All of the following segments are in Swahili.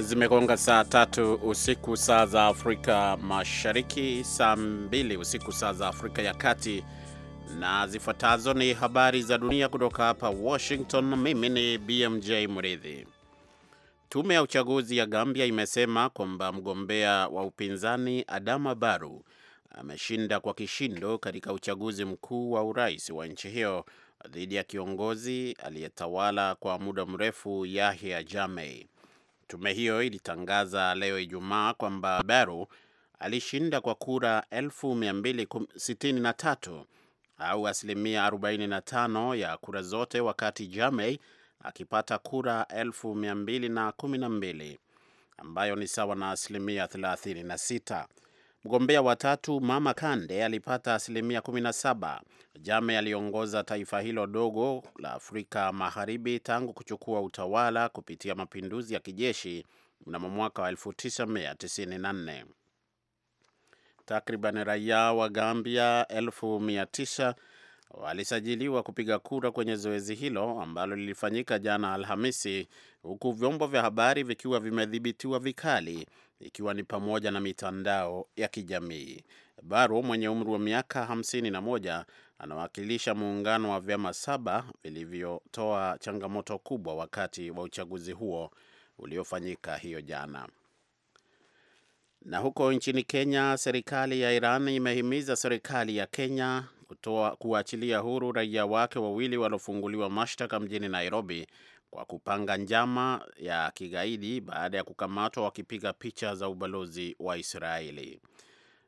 Zimegonga saa tatu usiku saa za Afrika Mashariki, saa mbili usiku saa za Afrika ya Kati, na zifuatazo ni habari za dunia kutoka hapa Washington. Mimi ni BMJ Mridhi. Tume ya uchaguzi ya Gambia imesema kwamba mgombea wa upinzani Adama Baru ameshinda kwa kishindo katika uchaguzi mkuu wa urais wa nchi hiyo dhidi ya kiongozi aliyetawala kwa muda mrefu Yahya Jammeh. Tume hiyo ilitangaza leo Ijumaa kwamba Barrow alishinda kwa kura 263 au asilimia 45 ya kura zote, wakati Jamei akipata kura 212 ambayo ni sawa na asilimia 36. Mgombea wa tatu Mama Kande alipata asilimia 17. Jame aliongoza taifa hilo dogo la Afrika Magharibi tangu kuchukua utawala kupitia mapinduzi ya kijeshi mnamo mwaka wa 1994. Takriban raia wa Gambia 1900 walisajiliwa kupiga kura kwenye zoezi hilo ambalo lilifanyika jana Alhamisi, huku vyombo vya habari vikiwa vimedhibitiwa vikali, ikiwa ni pamoja na mitandao ya kijamii. Baro mwenye umri wa miaka 51 anawakilisha muungano wa vyama saba vilivyotoa changamoto kubwa wakati wa uchaguzi huo uliofanyika hiyo jana. Na huko nchini Kenya, serikali ya Iran imehimiza serikali ya Kenya kutoa kuachilia huru raia wake wawili waliofunguliwa mashtaka mjini Nairobi kwa kupanga njama ya kigaidi baada ya kukamatwa wakipiga picha za ubalozi wa Israeli.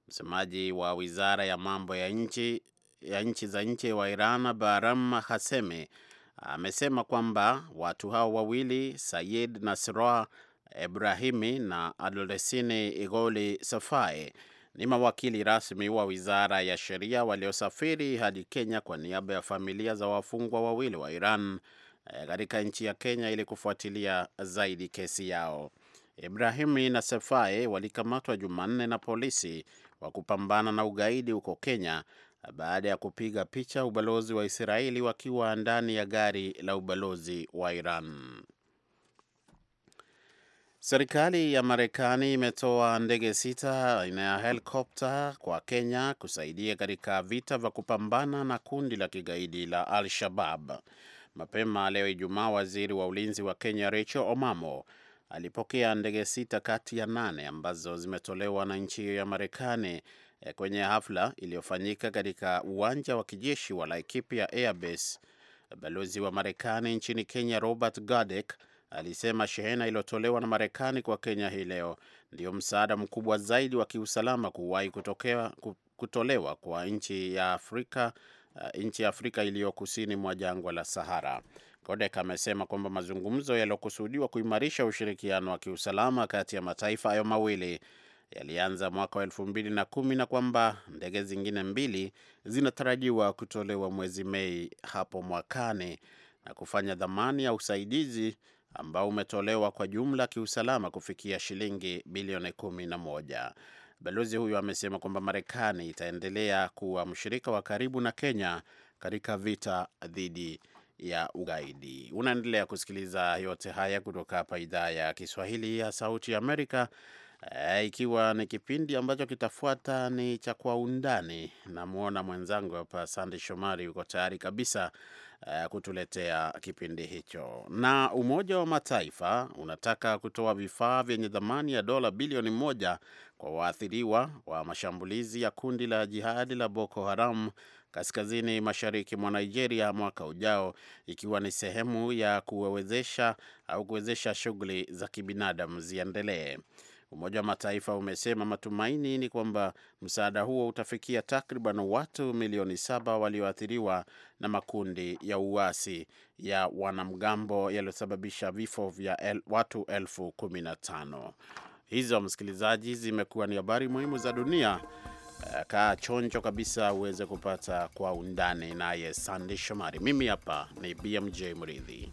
Msemaji wa wizara ya mambo ya nchi ya nchi za nje wa Iran Bahram Hasemi amesema kwamba watu hao wawili Sayid nasra Ibrahimi na Adolesini Igoli Safai ni mawakili rasmi wa wizara ya sheria waliosafiri hadi Kenya kwa niaba ya familia za wafungwa wawili wa Iran eh, katika nchi ya Kenya ili kufuatilia zaidi kesi yao. Ibrahimi na sefae walikamatwa Jumanne na polisi wa kupambana na ugaidi huko Kenya eh, baada ya kupiga picha ubalozi wa Israeli wakiwa ndani ya gari la ubalozi wa Iran. Serikali ya Marekani imetoa ndege sita aina ya helikopta kwa Kenya kusaidia katika vita vya kupambana na kundi la kigaidi la Al-Shabab. Mapema leo Ijumaa, waziri wa ulinzi wa Kenya Rachel Omamo alipokea ndege sita kati ya nane ambazo zimetolewa na nchi hiyo ya Marekani eh, kwenye hafla iliyofanyika katika uwanja wa kijeshi wa Laikipia airbas Balozi wa Marekani nchini Kenya Robert Gadek alisema shehena iliyotolewa na Marekani kwa Kenya hii leo ndiyo msaada mkubwa zaidi wa kiusalama kuwahi kutolewa kwa nchi ya Afrika, uh, nchi ya Afrika iliyo kusini mwa jangwa la Sahara. Kodek amesema kwamba mazungumzo yaliyokusudiwa kuimarisha ushirikiano wa kiusalama kati ya mataifa hayo mawili yalianza mwaka wa elfu mbili na kumi na kwamba ndege zingine mbili zinatarajiwa kutolewa mwezi Mei hapo mwakani na kufanya dhamani ya usaidizi ambao umetolewa kwa jumla kiusalama kufikia shilingi bilioni kumi na moja. Balozi huyo amesema kwamba Marekani itaendelea kuwa mshirika wa karibu na Kenya katika vita dhidi ya ugaidi. Unaendelea kusikiliza yote haya kutoka hapa idhaa ya Kiswahili ya Sauti ya Amerika Eh, ikiwa ni kipindi ambacho kitafuata ni cha Kwa Undani. Namwona mwenzangu hapa Sande Shomari yuko tayari kabisa uh, kutuletea kipindi hicho. Na Umoja wa Mataifa unataka kutoa vifaa vyenye thamani ya dola bilioni moja kwa waathiriwa wa mashambulizi ya kundi la jihadi la Boko Haram kaskazini mashariki mwa Nigeria mwaka ujao, ikiwa ni sehemu ya kuwezesha au kuwezesha shughuli za kibinadamu ziendelee. Umoja wa Mataifa umesema matumaini ni kwamba msaada huo utafikia takriban watu milioni saba walioathiriwa na makundi ya uasi ya wanamgambo yaliyosababisha vifo vya el, watu elfu kumi na tano. Hizo msikilizaji, zimekuwa ni habari muhimu za dunia. Eh, kaa chonjo kabisa uweze kupata kwa undani, naye sandi Shomari. Mimi hapa ni BMJ Mridhi.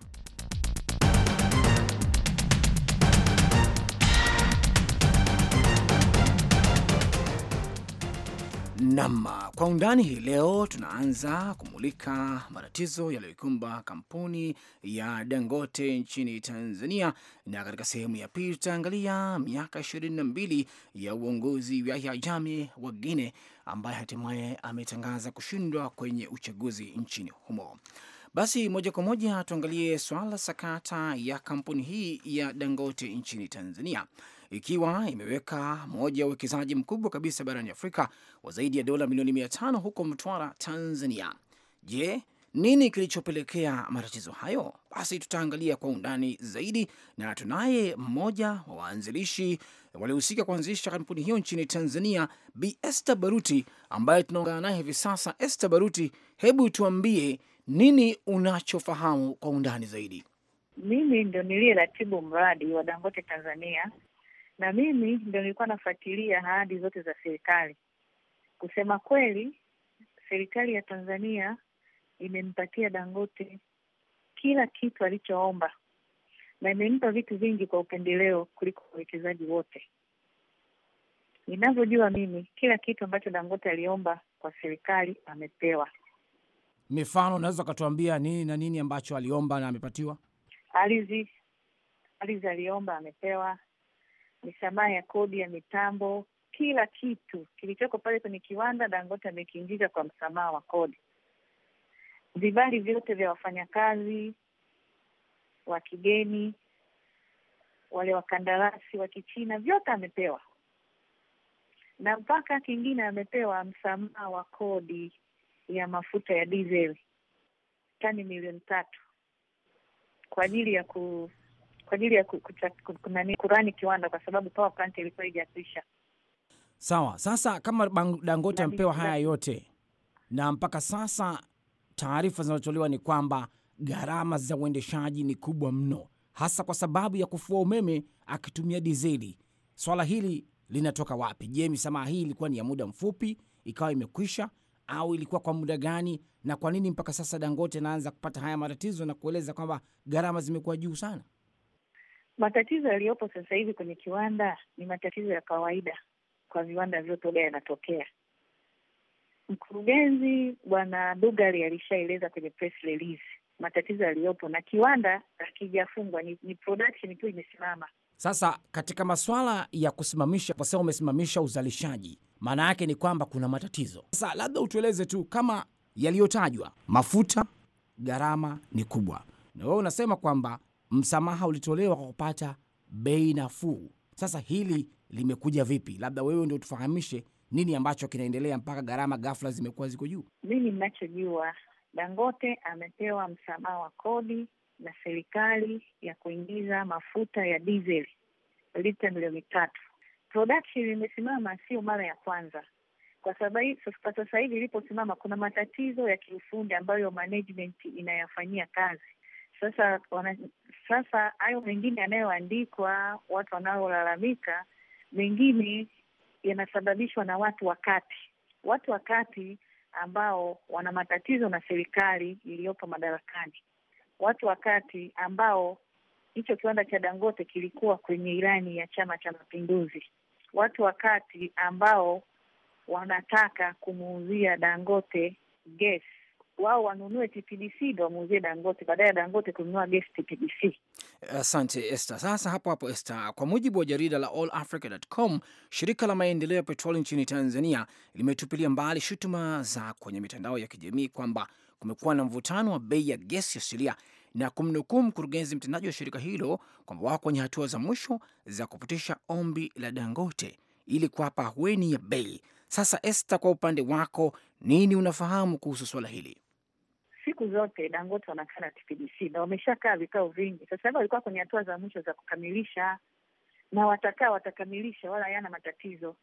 Nam kwa undani hii leo tunaanza kumulika matatizo yaliyoikumba kampuni ya Dangote nchini Tanzania, na katika sehemu ya pili tutaangalia miaka ishirini na mbili ya uongozi wa Yahya Jammeh wa guine ambaye hatimaye ametangaza kushindwa kwenye uchaguzi nchini humo. Basi moja kwa moja tuangalie swala sakata ya kampuni hii ya Dangote nchini Tanzania ikiwa imeweka moja ya uwekezaji mkubwa kabisa barani Afrika wa zaidi ya dola milioni mia tano huko Mtwara, Tanzania. Je, nini kilichopelekea matatizo hayo? Basi tutaangalia kwa undani zaidi, na tunaye mmoja wa waanzilishi waliohusika kuanzisha kampuni hiyo nchini Tanzania, Bi Esther Baruti, ambaye tunaungana naye hivi sasa. Esther Baruti, hebu tuambie nini unachofahamu kwa undani zaidi. Mimi ndo niliye ratibu mradi wa Dangote Tanzania na mimi ndio nilikuwa nafuatilia ahadi zote za serikali. Kusema kweli, serikali ya Tanzania imempatia Dangote kila kitu alichoomba na imempa vitu vingi kwa upendeleo kuliko wawekezaji wote. Ninavyojua mimi, kila kitu ambacho Dangote aliomba kwa serikali amepewa. Mifano, unaweza ukatuambia nini na nini ambacho aliomba na amepatiwa? Ardhi, ardhi aliomba amepewa misamaha ya kodi ya mitambo, kila kitu kilichoko pale kwenye kiwanda Dangote amekiingiza kwa msamaha wa kodi. Vibali vyote vya wafanyakazi wa kigeni, wale wakandarasi wa Kichina, vyote amepewa, na mpaka kingine amepewa msamaha wa kodi ya mafuta ya dizeli tani milioni tatu kwa ajili ya ku kwa ajili ya kunani kurani kiwanda, kwa sababu power plant ilikuwa haijakwisha. Sawa. Sasa kama Dangote ampewa haya yote na mpaka sasa taarifa zinazotolewa ni kwamba gharama za uendeshaji ni kubwa mno, hasa kwa sababu ya kufua umeme akitumia dizeli. Swala hili linatoka wapi? Je, misamaha hii ilikuwa ni ya muda mfupi ikawa imekwisha, au ilikuwa kwa muda gani? Na kwa nini mpaka sasa Dangote anaanza kupata haya matatizo na kueleza kwamba gharama zimekuwa juu sana? Matatizo yaliyopo sasa hivi kwenye kiwanda ni matatizo ya kawaida kwa viwanda vyote huga yanatokea. Mkurugenzi Bwana Dugari alishaeleza kwenye press release matatizo yaliyopo, na kiwanda hakijafungwa, ni, ni production tu imesimama. Sasa katika maswala ya kusimamisha, kwa sababu umesimamisha uzalishaji, maana yake ni kwamba kuna matatizo. Sasa labda utueleze tu kama yaliyotajwa, mafuta gharama ni kubwa, na wewe unasema kwamba msamaha ulitolewa kwa kupata bei nafuu. Sasa hili limekuja vipi? Labda wewe ndio tufahamishe nini ambacho kinaendelea mpaka gharama ghafla zimekuwa ziko juu. Mimi ninachojua Dangote amepewa msamaha wa kodi na serikali ya kuingiza mafuta ya dizeli lita milioni tatu. Production imesimama, sio mara ya kwanza kwa sababu sasa hivi iliposimama kuna matatizo ya kiufundi ambayo management inayafanyia kazi. Sasa wana, sasa hayo mengine yanayoandikwa, watu wanaolalamika, mengine yanasababishwa na watu wa kati, watu wa kati ambao wana matatizo na serikali iliyopo madarakani, watu wa kati ambao hicho kiwanda cha Dangote kilikuwa kwenye irani ya Chama cha Mapinduzi, watu wa kati ambao wanataka kumuuzia Dangote gesi wao wanunue TPDC ndo wamuuzie Dangote baadaye ya Dangote kununua gesi TPDC. Asante Esther. Sasa hapo hapo Esther, kwa mujibu wa jarida la allafrica.com, shirika la maendeleo ya petroli nchini Tanzania limetupilia mbali shutuma za kwenye mitandao ya kijamii kwamba kumekuwa na mvutano wa bei ya gesi asilia na kumnukuu mkurugenzi mtendaji wa shirika hilo kwamba wako kwenye hatua za mwisho za kupitisha ombi la Dangote ili kuwapa ahueni ya bei sasa Esta, kwa upande wako nini unafahamu kuhusu swala hili? Siku zote Dangote wanakaa na TPDC na wameshakaa vikao vingi. Sasa hivi walikuwa kwenye hatua za mwisho za kukamilisha, na watakaa watakamilisha, wala hayana matatizo.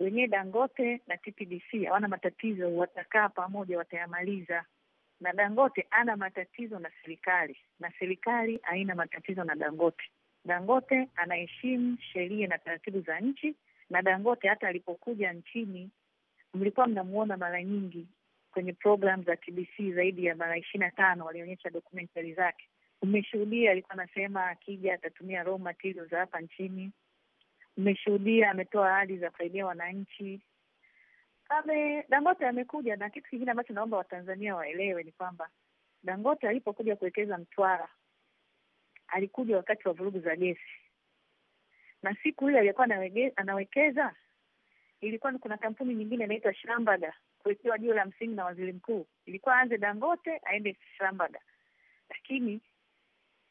Wenyewe Dangote na TPDC hawana matatizo, watakaa pamoja, watayamaliza. Na Dangote ana matatizo na serikali na serikali haina matatizo na Dangote. Dangote anaheshimu sheria na taratibu za nchi na Dangote hata alipokuja nchini mlikuwa mnamuona mara nyingi kwenye programu za TBC zaidi ya mara ishirini na tano walionyesha dokumentari zake. Mmeshuhudia alikuwa anasema akija atatumia raw materials za hapa nchini. Mmeshuhudia ametoa ahadi za kusaidia wananchi. Ame Dangote amekuja na kitu kingine ambacho naomba Watanzania waelewe ni kwamba Dangote alipokuja kuwekeza Mtwara alikuja wakati wa vurugu za gesi na siku ile aliyekuwa anawekeza ilikuwa kuna kampuni nyingine inaitwa Shambada kuwekewa jiwe la msingi na waziri mkuu. Ilikuwa aanze Dangote aende Shambada, lakini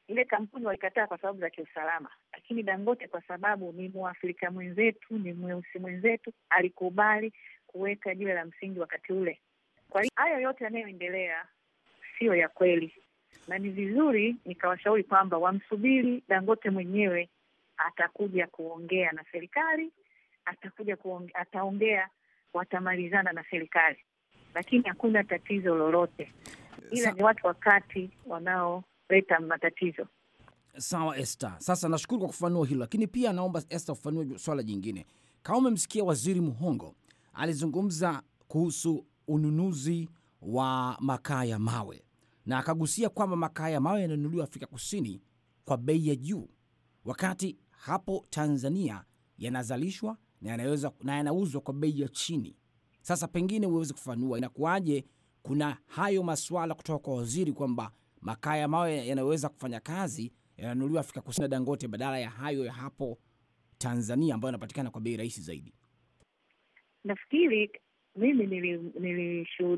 ile kampuni walikataa kwa sababu za kiusalama, lakini Dangote kwa sababu ni Mwafrika mwenzetu, ni mweusi mwenzetu, alikubali kuweka jiwe la msingi wakati ule. Kwa hiyo hayo yote yanayoendelea siyo ya kweli, na ni vizuri nikawashauri kwamba wamsubiri Dangote mwenyewe atakuja kuongea na serikali, atakuja kuongea, ataongea, watamalizana na serikali, lakini hakuna tatizo lolote, ila ni watu wakati wanaoleta matatizo. Sawa est sasa nashukuru kwa kufanua hilo, lakini pia naomba Esther ufanue swala jingine. Kama umemsikia Waziri Muhongo alizungumza kuhusu ununuzi wa makaa ya mawe na akagusia kwamba makaa ya mawe yananunuliwa Afrika Kusini kwa bei ya juu, wakati hapo Tanzania yanazalishwa na yanaweza na yanauzwa kwa bei ya chini. Sasa pengine uweze kufanua inakuwaje, kuna hayo maswala kutoka kwa waziri kwamba makaa ya mawe yanayoweza kufanya kazi yananuliwa Afrika Kusini na Dangote badala ya hayo ya hapo Tanzania ambayo yanapatikana kwa bei rahisi zaidi. Nafikiri mimi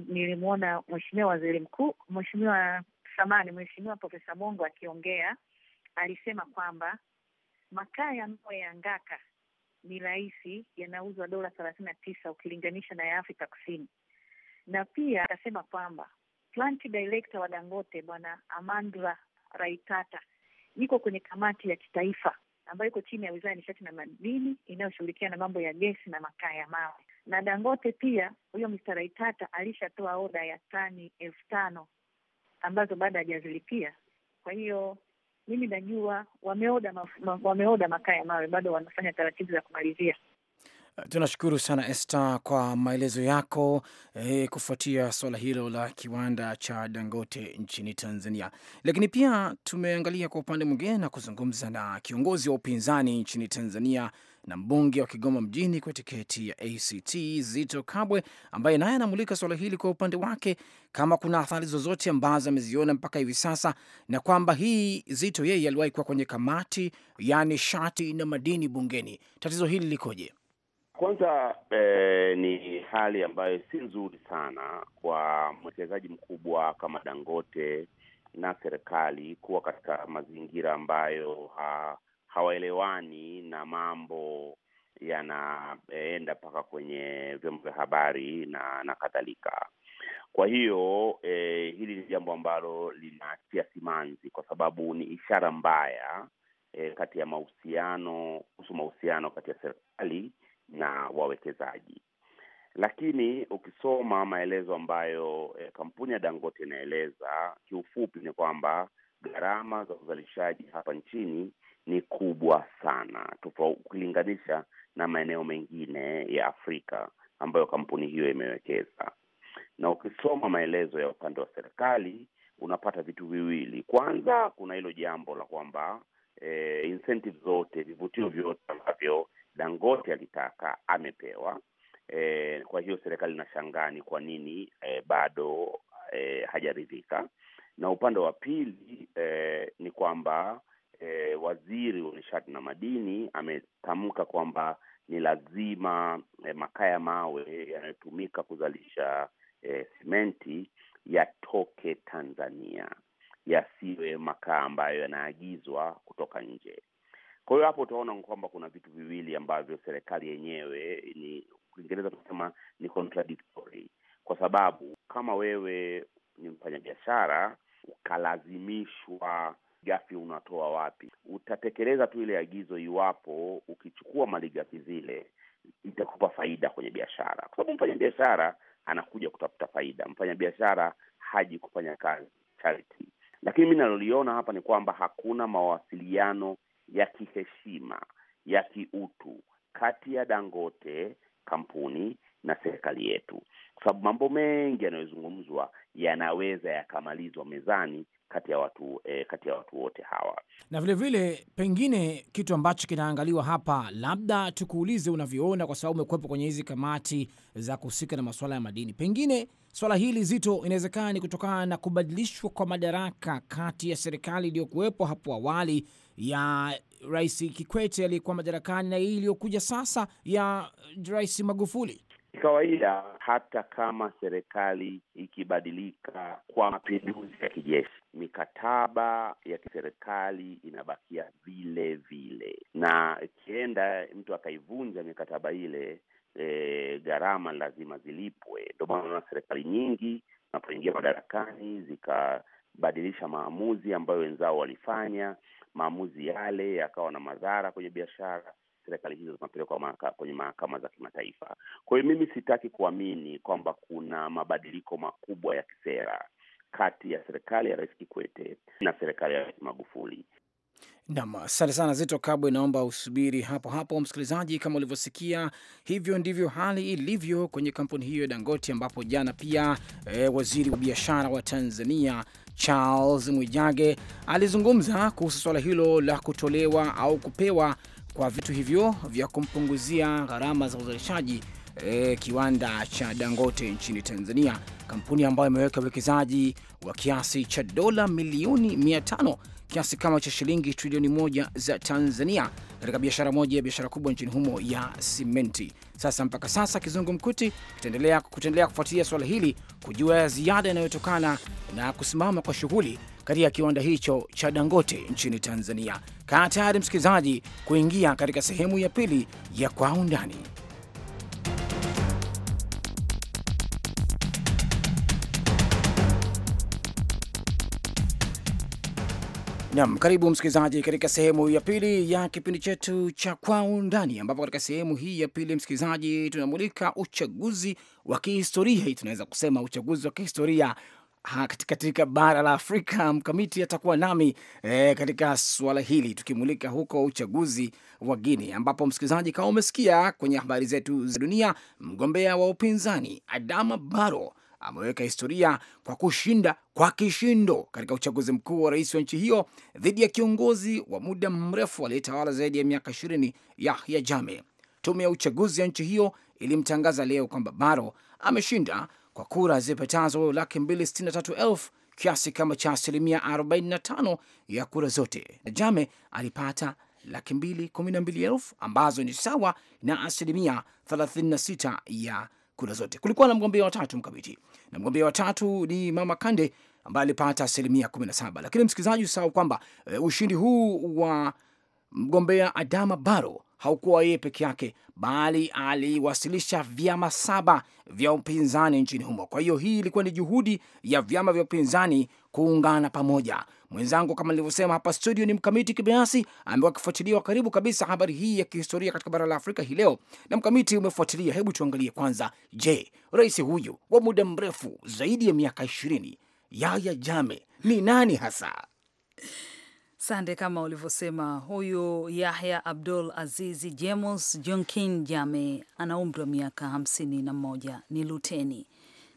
nilimwona mweshimiwa Waziri Mkuu, mweshimiwa samani, mweshimiwa Profesa Mongo akiongea, alisema kwamba makaa ya mawe ya Ngaka ni rahisi, yanauzwa dola thelathini na tisa ukilinganisha na ya Afrika Kusini. Na pia akasema kwamba plant director wa Dangote Bwana amandra Raitata yuko kwenye kamati ya kitaifa ambayo iko chini ya wizara ya nishati na madini inayoshughulikia na mambo ya gesi na makaa ya mawe. Na Dangote pia huyo Mr. Raitata alishatoa oda ya tani elfu tano ambazo bado hajazilipia. Kwa hiyo mimi najua wameoda, ma, wameoda makaa ya mawe, bado wanafanya taratibu za kumalizia. Eh, tunashukuru sana Esther kwa maelezo yako eh, kufuatia swala hilo la kiwanda cha Dangote nchini Tanzania. Lakini pia tumeangalia kwa upande mwingine na kuzungumza na kiongozi wa upinzani nchini Tanzania na mbunge wa Kigoma mjini kwa tiketi ya ACT Zito Kabwe, ambaye naye anamulika suala hili kwa upande wake, kama kuna athari zozote ambazo ameziona mpaka hivi sasa, na kwamba hii Zito yeye aliwahi kuwa kwenye kamati ya nishati na madini bungeni. Tatizo hili likoje? Kwanza eh, ni hali ambayo si nzuri sana kwa mwekezaji mkubwa kama Dangote na serikali kuwa katika mazingira ambayo ha hawaelewani na mambo yanaenda mpaka kwenye vyombo vya habari na na kadhalika. Kwa hiyo eh, hili ni jambo ambalo linatia simanzi, kwa sababu ni ishara mbaya eh, kati ya mahusiano kuhusu mahusiano kati ya serikali na wawekezaji. Lakini ukisoma maelezo ambayo eh, kampuni ya Dangote inaeleza, kiufupi ni kwamba gharama za uzalishaji hapa nchini ni kubwa sana ukilinganisha na maeneo mengine ya Afrika ambayo kampuni hiyo imewekeza. Na ukisoma maelezo ya upande wa serikali unapata vitu viwili. Kwanza, kuna hilo jambo la kwamba e, eh, incentive zote, vivutio vyote ambavyo Dangote alitaka amepewa. E, kwa hiyo serikali inashangaa ni kwa nini e, bado e, hajaridhika. Na upande wa pili e, ni kwamba e, waziri wa nishati na madini ametamka kwamba ni lazima e, makaa ya mawe yanayotumika kuzalisha eh, simenti yatoke Tanzania, yasiwe makaa ambayo yanaagizwa kutoka nje. Kwa hiyo hapo utaona kwamba kuna vitu viwili ambavyo serikali yenyewe ni Kiingereza tunasema ni contradictory, kwa sababu kama wewe ni mfanyabiashara ukalazimishwa gafi unatoa wapi? Utatekeleza tu ile agizo iwapo ukichukua gafi zile itakupa faida kwenye biashara, kwa sababu mfanya biashara anakuja kutafuta faida. Mfanya biashara haji kufanya kazi charity. Lakini mi naloliona hapa ni kwamba hakuna mawasiliano ya kiheshima ya kiutu kati ya Dangote kampuni na serikali yetu, kwa sababu mambo mengi yanayozungumzwa yanaweza yakamalizwa mezani kati ya watu eh, kati ya watu wote hawa. Na vilevile vile, pengine kitu ambacho kinaangaliwa hapa, labda tukuulize unavyoona, kwa sababu umekuwepo kwenye hizi kamati za kuhusika na masuala ya madini, pengine swala hili zito inawezekana ni kutokana na kubadilishwa kwa madaraka kati ya serikali iliyokuwepo hapo awali ya Rais Kikwete aliyekuwa madarakani na hii iliyokuja sasa ya Rais Magufuli. Ni kawaida hata kama serikali ikibadilika kwa mapinduzi ya kijeshi, mikataba ya kiserikali inabakia vile vile, na ikienda mtu akaivunja mikataba ile, e, gharama lazima zilipwe. Ndio maana na serikali nyingi napoingia madarakani zikabadilisha maamuzi ambayo wenzao walifanya, maamuzi yale yakawa na madhara kwenye biashara serikali hizo zinapelekwa kwenye mahakama za kimataifa. Kwa hiyo mimi sitaki kuamini kwamba kuna mabadiliko makubwa ya kisera kati ya serikali ya Rais Kikwete na serikali ya Rais Magufuli. Nam, asante sana Zito Kabwe. Naomba usubiri hapo hapo, msikilizaji. Kama ulivyosikia, hivyo ndivyo hali ilivyo kwenye kampuni hiyo ya dangoti ambapo jana pia e, waziri wa biashara wa Tanzania Charles Mwijage alizungumza kuhusu suala hilo la kutolewa au kupewa kwa vitu hivyo vya kumpunguzia gharama za uzalishaji e, kiwanda cha Dangote nchini Tanzania, kampuni ambayo imeweka uwekezaji wa kiasi cha dola milioni 500 kiasi kama cha shilingi trilioni moja za Tanzania katika biashara moja ya biashara kubwa nchini humo ya simenti. Sasa mpaka sasa kizungumkuti kutaendelea kufuatilia swala hili kujua ziada inayotokana na kusimama kwa shughuli katika kiwanda hicho cha Dangote nchini Tanzania. Kaa tayari msikilizaji, kuingia katika sehemu ya pili ya Kwa Undani. Nam, karibu msikilizaji katika sehemu ya pili ya kipindi chetu cha Kwa Undani, ambapo katika sehemu hii ya pili msikilizaji, tunamulika uchaguzi wa kihistoria. Hii tunaweza kusema uchaguzi wa kihistoria katika, katika bara la Afrika. Mkamiti atakuwa nami e, katika swala hili tukimulika huko uchaguzi wa Guinea, ambapo msikilizaji, kama umesikia kwenye habari zetu za dunia, mgombea wa upinzani Adama baro ameweka historia kwa kushinda kwa kishindo katika uchaguzi mkuu wa rais wa nchi hiyo dhidi ya kiongozi wa muda mrefu aliyetawala zaidi ya miaka ishirini Yahya Jame. Tume ya uchaguzi ya nchi hiyo ilimtangaza leo kwamba Baro ameshinda kwa kura zipatazo laki mbili sitini na tatu elfu kiasi kama cha asilimia 45 ya kura zote, na Jame alipata laki mbili kumi na mbili elfu ambazo ni sawa na asilimia 36 ya kura zote. Kulikuwa na mgombea watatu mkabiti, na mgombea watatu ni Mama Kande ambaye alipata asilimia 17, lakini msikilizaji usahau kwamba e, ushindi huu wa mgombea Adama Baro haukuwa yeye peke yake, bali aliwasilisha vyama saba vya upinzani nchini humo. Kwa hiyo hii ilikuwa ni juhudi ya vyama vya upinzani kuungana pamoja. Mwenzangu kama nilivyosema hapa studio ni Mkamiti Kibayasi ambaye akifuatilia karibu kabisa habari hii ya kihistoria katika bara la Afrika hii leo. Na Mkamiti, umefuatilia, hebu tuangalie kwanza. Je, rais huyu wa muda mrefu zaidi ya miaka ishirini Yahya Jammeh ni nani hasa? Sande, kama ulivyosema, huyu Yahya Abdul Azizi Jemos junkin Jame ana umri wa miaka hamsini na moja, ni luteni,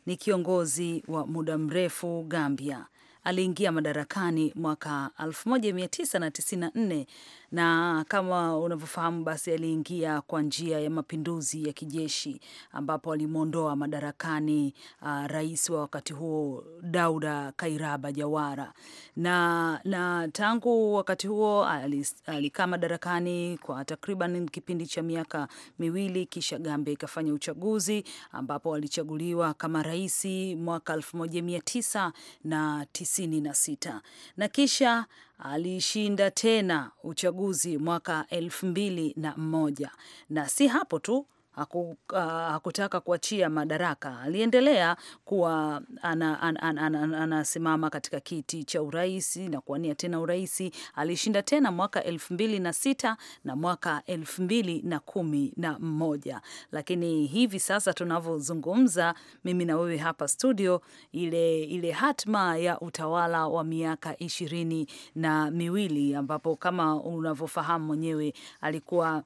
ni kiongozi wa muda mrefu Gambia. Aliingia madarakani mwaka 1994 na kama unavyofahamu, basi aliingia kwa njia ya mapinduzi ya kijeshi ambapo alimwondoa madarakani uh, rais wa wakati huo Dauda Kairaba Jawara, na, na tangu wakati huo alikaa madarakani kwa takriban kipindi cha miaka miwili, kisha Gambe ikafanya uchaguzi ambapo alichaguliwa kama rais mwaka 1996 na, na kisha aliishinda tena uchaguzi mwaka elfu mbili na mmoja na si hapo tu haku, uh, hakutaka kuachia madaraka. Aliendelea kuwa anasimama ana, ana, ana, ana katika kiti cha urais na kuwania tena urais. Alishinda tena mwaka elfu mbili na sita na mwaka elfu mbili na kumi na mmoja, lakini hivi sasa tunavyozungumza mimi na wewe hapa studio, ile, ile hatma ya utawala wa miaka ishirini na miwili ambapo kama unavyofahamu mwenyewe alikuwa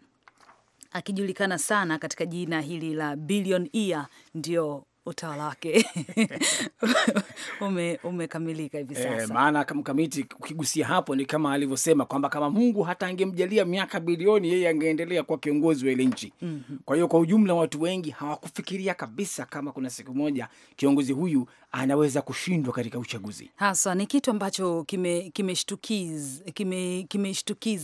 akijulikana sana katika jina hili la Billion Ear, ndio utawala wake ume, umekamilika hivi eh, sasa e, maana mkamiti ukigusia hapo ni kama alivyosema kwamba kama Mungu hata angemjalia miaka bilioni yeye angeendelea kuwa kiongozi wa ile nchi. mm -hmm. Kwa hiyo kwa ujumla watu wengi hawakufikiria kabisa kama kuna siku moja kiongozi huyu anaweza kushindwa katika uchaguzi. haswa ni kitu ambacho kimeshtukiza kime kime, kime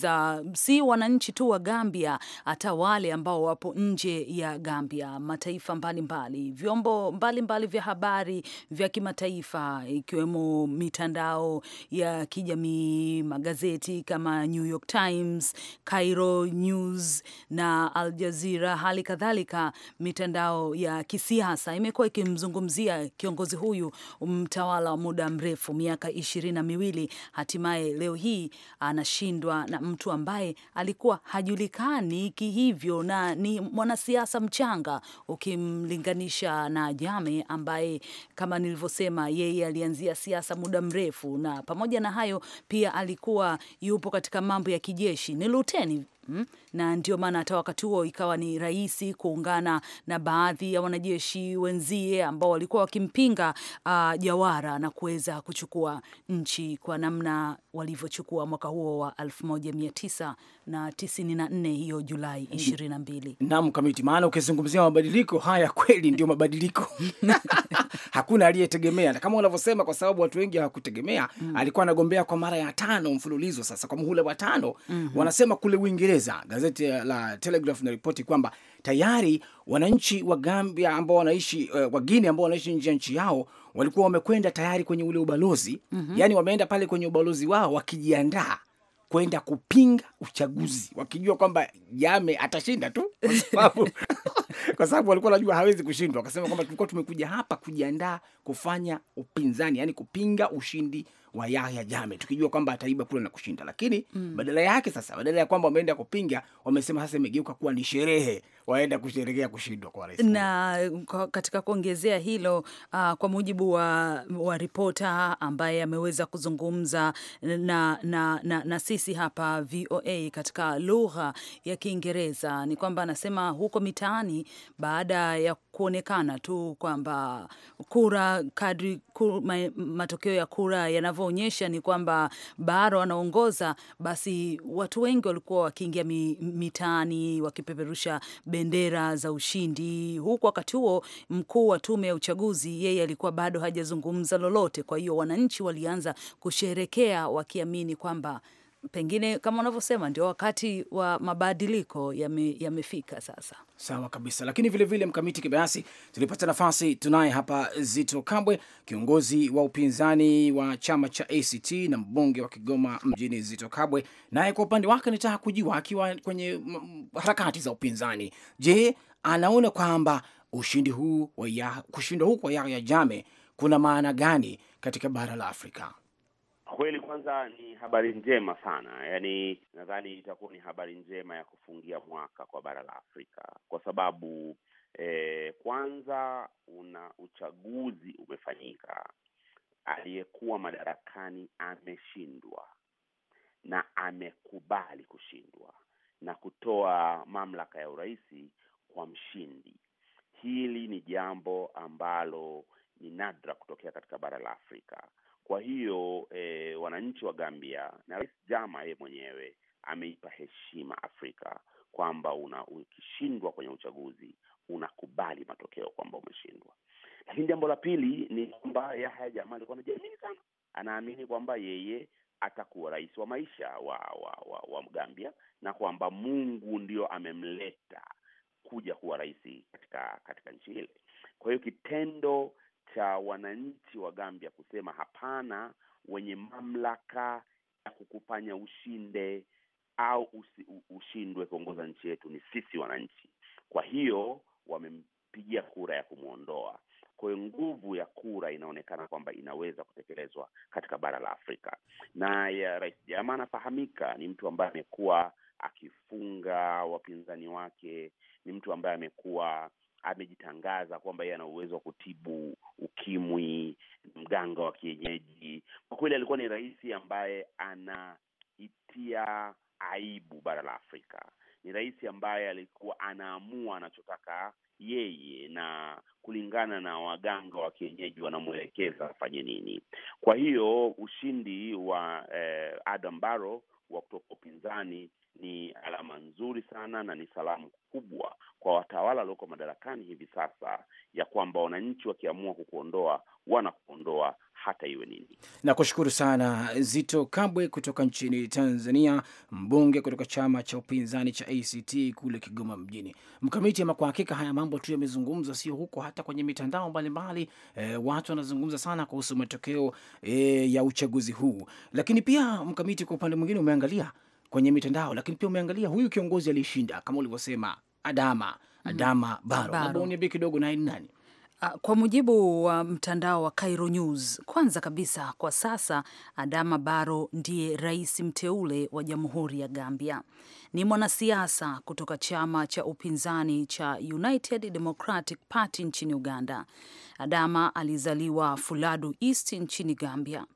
si wananchi tu wa Gambia, hata wale ambao wapo nje ya Gambia, mataifa mbalimbali mbali. vyombo mbalimbali mbalimbali vya habari vya kimataifa ikiwemo mitandao ya kijamii, magazeti kama New York Times, Cairo News na Al Jazeera, hali kadhalika mitandao ya kisiasa imekuwa ikimzungumzia kiongozi huyu mtawala wa muda mrefu miaka ishirini na miwili. Hatimaye leo hii anashindwa na mtu ambaye alikuwa hajulikani kihivyo na ni mwanasiasa mchanga ukimlinganisha na Kagame ambaye kama nilivyosema, yeye alianzia siasa muda mrefu, na pamoja na hayo pia alikuwa yupo katika mambo ya kijeshi, ni luteni Hmm? na ndio maana hata wakati huo ikawa ni rahisi kuungana na baadhi ya wanajeshi wenzie ambao walikuwa wakimpinga uh, Jawara na kuweza kuchukua nchi kwa namna walivyochukua mwaka huo wa 1994 hiyo Julai 22. Hmm. Naam, kamiti, maana ukizungumzia mabadiliko haya kweli ndio mabadiliko hakuna aliyetegemea, na kama unavyosema, kwa sababu watu wengi hawakutegemea mm. alikuwa anagombea kwa mara ya tano mfululizo, sasa kwa muhula wa tano mm -hmm. wanasema kule wingi Uingereza, gazeti la Telegraph ripoti kwamba tayari wananchi wa Gambia ambao wanaishi uh, eh, wageni ambao wanaishi nje ya nchi yao walikuwa wamekwenda tayari kwenye ule ubalozi mm -hmm. Yani wameenda pale kwenye ubalozi wao wakijiandaa kwenda kupinga uchaguzi wakijua kwamba Jame atashinda tu kwa sababu walikuwa wanajua hawezi kushindwa. Wakasema kwamba tulikuwa tumekuja hapa kujiandaa kufanya upinzani, yani kupinga ushindi wa Yahya Jame, tukijua kwamba ataiba kura na kushinda, lakini mm. badala yake sasa, badala ya kwamba wameenda kupinga, wamesema sasa imegeuka kuwa ni sherehe, waenda kusherekea kushindwa kwa rais. Na katika kuongezea hilo, uh, kwa mujibu wa, wa ripota ambaye ameweza kuzungumza na, na, na, na sisi hapa VOA katika lugha ya Kiingereza ni kwamba anasema huko mitaani baada ya kuonekana tu kwamba kura kadri kur, matokeo ya kura yanavyo inavyoonyesha ni kwamba Baaro anaongoza, basi watu wengi walikuwa wakiingia mitaani wakipeperusha bendera za ushindi, huku wakati huo mkuu wa tume ya uchaguzi yeye alikuwa bado hajazungumza lolote. Kwa hiyo wananchi walianza kusherekea wakiamini kwamba pengine kama unavyosema ndio wakati wa mabadiliko yamefika, ya sasa. Sawa kabisa, lakini vilevile vile mkamiti kibayasi, tulipata nafasi, tunaye hapa Zito Kabwe, kiongozi wa upinzani wa chama cha ACT na mbunge wa Kigoma mjini. Zito Kabwe naye kwa upande wake nitaka kujua akiwa kwenye harakati za upinzani, je, anaona kwamba ushindi huu kushindwa huu kwa Yahya jame kuna maana gani katika bara la Afrika? kweli, kwanza ni habari njema sana, yaani nadhani itakuwa ni habari njema ya kufungia mwaka kwa bara la Afrika kwa sababu eh, kwanza una uchaguzi umefanyika, aliyekuwa madarakani ameshindwa na amekubali kushindwa na kutoa mamlaka ya urais kwa mshindi. Hili ni jambo ambalo ni nadra kutokea katika bara la Afrika. Kwa hiyo e, wananchi wa Gambia na Rais Jama yeye mwenyewe ameipa heshima Afrika kwamba ukishindwa kwenye uchaguzi unakubali matokeo kwamba umeshindwa. Lakini jambo la pili ni kwamba Yahya jama alikuwa anajiamini sana, anaamini kwamba yeye atakuwa rais wa maisha wa wa, wa, wa Gambia na kwamba Mungu ndio amemleta kuja kuwa rahisi katika katika nchi ile. Kwa hiyo kitendo cha wananchi wa Gambia kusema hapana, wenye mamlaka ya kukufanya ushinde au usi, ushindwe kuongoza nchi yetu ni sisi wananchi. Kwa hiyo wamempigia kura ya kumwondoa. kwayo nguvu ya kura inaonekana kwamba inaweza kutekelezwa katika bara la Afrika, na ya Rais jama anafahamika ni mtu ambaye amekuwa akifunga wapinzani wake ni mtu ambaye amekuwa amejitangaza kwamba yeye ana uwezo wa kutibu ukimwi, mganga wa kienyeji. Kwa kweli alikuwa ni rais ambaye anaitia aibu bara la Afrika. Ni rais ambaye alikuwa anaamua anachotaka yeye na kulingana na waganga wa kienyeji wanamwelekeza afanye nini. Kwa hiyo ushindi wa eh, Adam baro wa kutoka upinzani ni alama nzuri sana na ni salamu kubwa kwa watawala walioko madarakani hivi sasa, ya kwamba wananchi wakiamua kukuondoa wanakuondoa hata iwe nini. Na kushukuru sana Zito Kabwe kutoka nchini Tanzania, mbunge kutoka chama cha upinzani cha ACT kule Kigoma mjini. Mkamiti ama, kwa hakika haya mambo tu yamezungumzwa, sio huko, hata kwenye mitandao mbalimbali e, watu wanazungumza sana kuhusu matokeo e, ya uchaguzi huu, lakini pia Mkamiti, kwa upande mwingine umeangalia kwenye mitandao, lakini pia umeangalia huyu kiongozi aliyeshinda kama ulivyosema Adama mm-hmm. Adama mm. Baro, labda uniambie kidogo naye ni nani? Ah, kwa mujibu wa mtandao wa Cairo News, kwanza kabisa, kwa sasa Adama Barrow ndiye rais mteule wa Jamhuri ya Gambia. Ni mwanasiasa kutoka chama cha upinzani cha United Democratic Party nchini Uganda. Adama alizaliwa Fuladu East nchini Gambia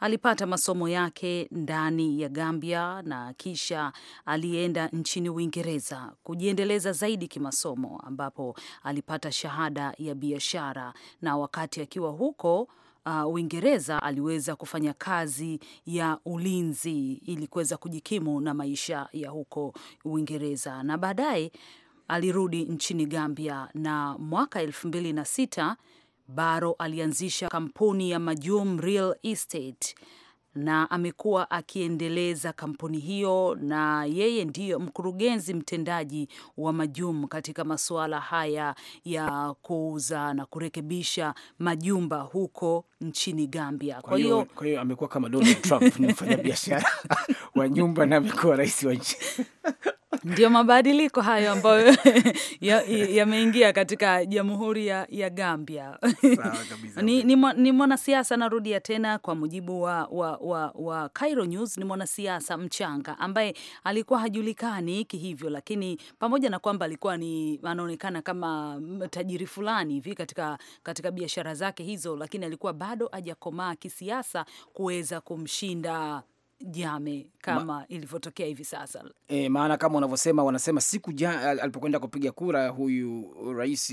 alipata masomo yake ndani ya Gambia na kisha alienda nchini Uingereza kujiendeleza zaidi kimasomo, ambapo alipata shahada ya biashara na wakati akiwa huko Uh, Uingereza aliweza kufanya kazi ya ulinzi ili kuweza kujikimu na maisha ya huko Uingereza, na baadaye alirudi nchini Gambia na mwaka elfu mbili na sita baro alianzisha kampuni ya Majum Real Estate na amekuwa akiendeleza kampuni hiyo, na yeye ndiyo mkurugenzi mtendaji wa Majum katika masuala haya ya kuuza na kurekebisha majumba huko nchini Gambia. Kwa hiyo kwa hiyo amekuwa kama Donald Trump ni mfanyabiashara wa nyumba na amekuwa rais wa nchi ndio mabadiliko hayo ambayo yameingia ya katika jamhuri ya, ya Gambia. Ni, ni, ni mwanasiasa narudia tena, kwa mujibu wa, wa, wa, wa Cairo News, ni mwanasiasa mchanga ambaye alikuwa hajulikani kihivyo, lakini pamoja na kwamba alikuwa ni anaonekana kama tajiri fulani hivi katika, katika biashara zake hizo, lakini alikuwa bado hajakomaa kisiasa kuweza kumshinda jame kama ilivyotokea hivi sasa e, maana kama unavyosema, wanasema siku ja, alipokwenda kupiga kura huyu rais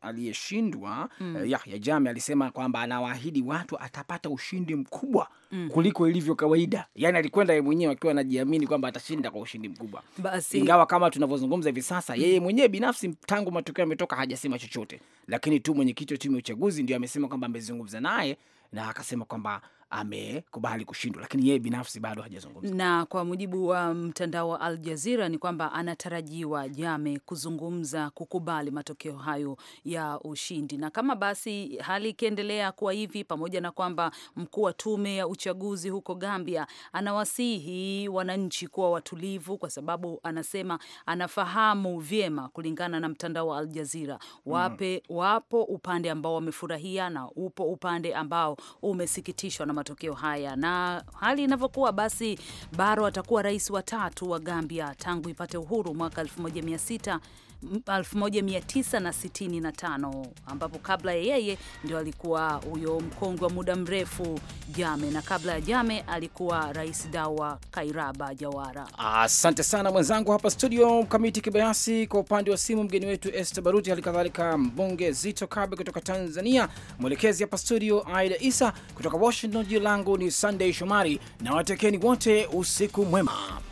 aliyeshindwa mm. E, Yahya Jame alisema kwamba anawaahidi watu atapata ushindi mkubwa mm. kuliko ilivyo kawaida. Yani alikwenda yeye mwenyewe akiwa anajiamini kwamba atashinda kwa ushindi mkubwa, basi ingawa kama tunavyozungumza hivi sasa yeye mwenyewe binafsi tangu matokeo yametoka hajasema chochote, lakini tu mwenyekiti wa timu ya uchaguzi ndio amesema kwamba amezungumza naye na akasema kwamba amekubali kushindwa, lakini yeye binafsi bado hajazungumza. Na kwa mujibu wa mtandao wa Al Jazeera ni kwamba anatarajiwa Jame kuzungumza kukubali matokeo hayo ya ushindi, na kama basi hali ikiendelea kuwa hivi, pamoja na kwamba mkuu wa tume ya uchaguzi huko Gambia anawasihi wananchi kuwa watulivu, kwa sababu anasema anafahamu vyema, kulingana na mtandao wa Al Jazeera, wape mm. wapo upande ambao wamefurahia na upo upande ambao umesikitishwa na matokeo haya na hali inavyokuwa, basi Baro atakuwa rais wa tatu wa Gambia tangu ipate uhuru mwaka 1965 ambapo kabla ya yeye ndio alikuwa huyo mkongwe wa muda mrefu Jame, na kabla ya Jame alikuwa Rais Dawa Kairaba Jawara. Asante sana mwenzangu hapa studio Kamiti Kibayasi, kwa upande wa simu mgeni wetu Esther Baruti, hali kadhalika mbunge Zito Kabe kutoka Tanzania, mwelekezi hapa studio Aida Isa kutoka Washington. Jina langu ni Sunday Shomari na watekeni wote usiku mwema.